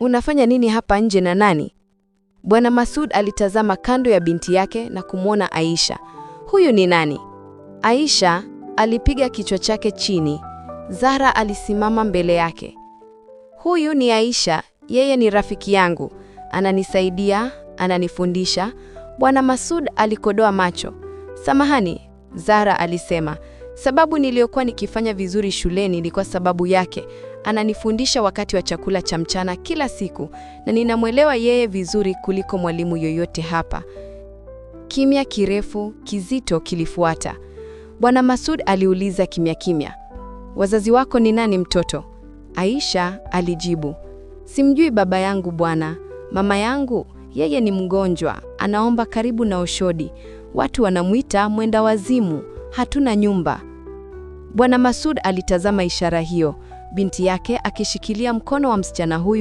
Unafanya nini hapa nje na nani? Bwana Masud alitazama kando ya binti yake na kumwona Aisha. Huyu ni nani? Aisha alipiga kichwa chake chini. Zahra alisimama mbele yake. Huyu ni Aisha, yeye ni rafiki yangu. Ananisaidia, ananifundisha. Bwana Masud alikodoa macho. Samahani, Zahra alisema. Sababu niliyokuwa nikifanya vizuri shuleni ni kwa sababu yake. Ananifundisha wakati wa chakula cha mchana kila siku na ninamwelewa yeye vizuri kuliko mwalimu yoyote hapa. Kimya kirefu kizito kilifuata. Bwana Masud aliuliza kimya kimya, wazazi wako ni nani mtoto? Aisha alijibu, simjui baba yangu bwana. Mama yangu yeye ni mgonjwa, anaomba karibu na Oshodi. Watu wanamwita mwenda wazimu. Hatuna nyumba. Bwana Masud alitazama ishara hiyo, binti yake akishikilia mkono wa msichana huyu